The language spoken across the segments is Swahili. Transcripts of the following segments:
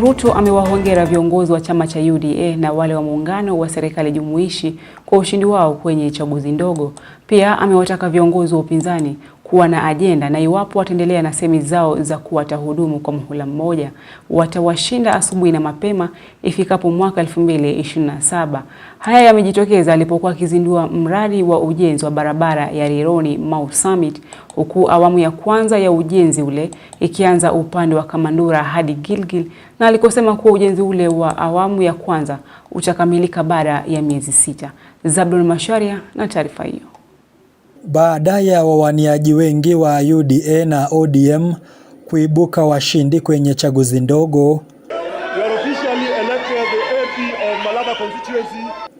Ruto amewahongera viongozi wa chama cha UDA na wale wa muungano wa serikali jumuishi kwa ushindi wao kwenye chaguzi ndogo. Pia amewataka viongozi wa upinzani kuwa na ajenda na iwapo wataendelea na semi zao za kuwa watahudumu kwa muhula mmoja, watawashinda asubuhi na mapema ifikapo mwaka 2027. Haya yamejitokeza alipokuwa akizindua mradi wa ujenzi wa barabara ya Rironi Mau Summit, huku awamu ya kwanza ya ujenzi ule ikianza upande wa Kamandura hadi Gilgil, na alikosema kuwa ujenzi ule wa awamu ya kwanza utakamilika baada ya miezi sita. Zablon Macharia na taarifa hiyo. Baada ya wawaniaji wengi wa UDA na ODM kuibuka washindi kwenye chaguzi ndogo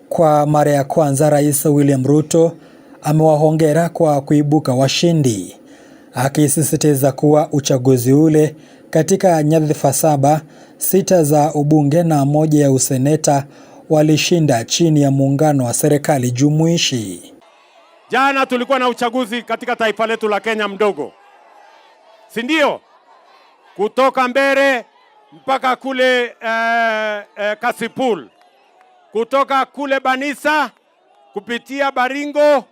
kwa mara ya kwanza, Rais William Ruto amewahongera kwa kuibuka washindi, akisisitiza kuwa uchaguzi ule katika nyadhifa saba, sita za ubunge na moja ya useneta walishinda chini ya muungano wa serikali jumuishi. Jana tulikuwa na uchaguzi katika taifa letu la Kenya mdogo, si ndio? Kutoka Mbere mpaka kule eh, eh, Kasipul, kutoka kule Banisa kupitia Baringo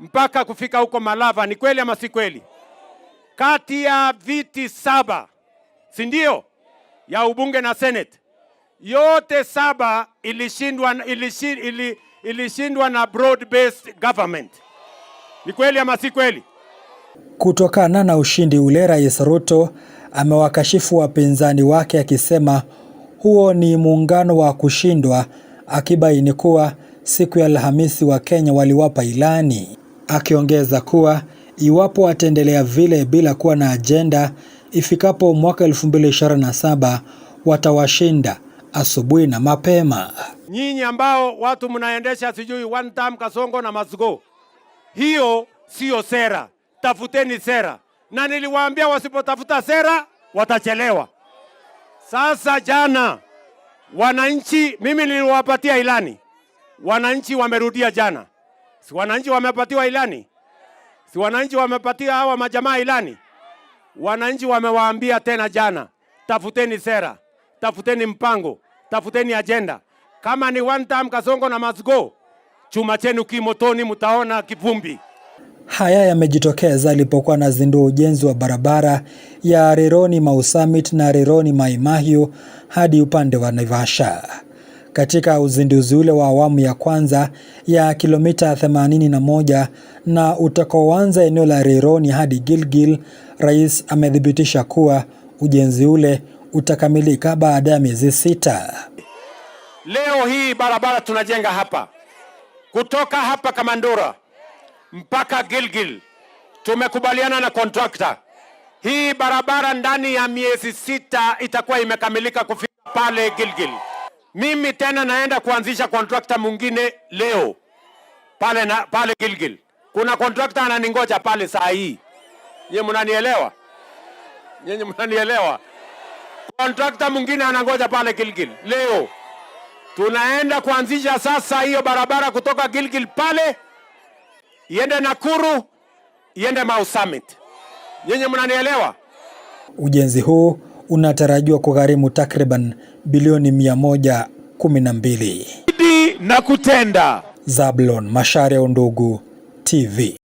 mpaka kufika huko Malava. Ni kweli ama si kweli? Kati ya viti saba, si ndio, ya ubunge na senate, yote saba ilishindwa ili, ilishindwa na broad based government. Ni kweli ama si kweli? Kutokana na ushindi ule, Rais Ruto amewakashifu wapinzani wake akisema huo ni muungano wa kushindwa, akibaini kuwa siku ya Alhamisi wa kenya waliwapa ilani, akiongeza kuwa iwapo wataendelea vile bila kuwa na ajenda, ifikapo mwaka 2027 watawashinda asubuhi na mapema. Nyinyi ambao watu mnaendesha sijui one time Kasongo na Masgo, hiyo siyo sera. Tafuteni sera, na niliwaambia wasipotafuta sera watachelewa. Sasa jana wananchi, mimi niliwapatia ilani, wananchi wamerudia jana. Si wananchi wamepatiwa ilani? Si wananchi wamepatia hawa majamaa ilani? Wananchi wamewaambia tena jana, tafuteni sera, tafuteni mpango, tafuteni ajenda. Kama ni one time Kasongo na must go, chuma chenu kimotoni, mtaona kivumbi. Haya yamejitokeza alipokuwa anazindua ujenzi wa barabara ya Rironi Mau Summit na Rironi Mai Mahiu hadi upande wa Naivasha. Katika uzinduzi ule wa awamu ya kwanza ya kilomita 81 na utakaoanza eneo la Rironi hadi Gilgil, rais amethibitisha kuwa ujenzi ule utakamilika baada ya miezi sita. Leo hii barabara tunajenga hapa kutoka hapa Kamandura mpaka Gilgil, tumekubaliana na kontrakta. Hii barabara ndani ya miezi sita itakuwa imekamilika kufika pale Gilgil. Mimi tena naenda kuanzisha kontrakta mwingine leo pale, na, pale Gilgil kuna kontrakta ananingoja pale saa hii. Nyinyi mnanielewa? Nyinyi mnanielewa? kontrakta mwingine anangoja pale Gilgil. Leo tunaenda kuanzisha sasa hiyo barabara kutoka Gilgil pale iende Nakuru, iende Mau Summit. Nyinyi mnanielewa? Ujenzi huu unatarajiwa kugharimu takriban bilioni 112 na kutenda. Zablon Macharia, Undugu TV.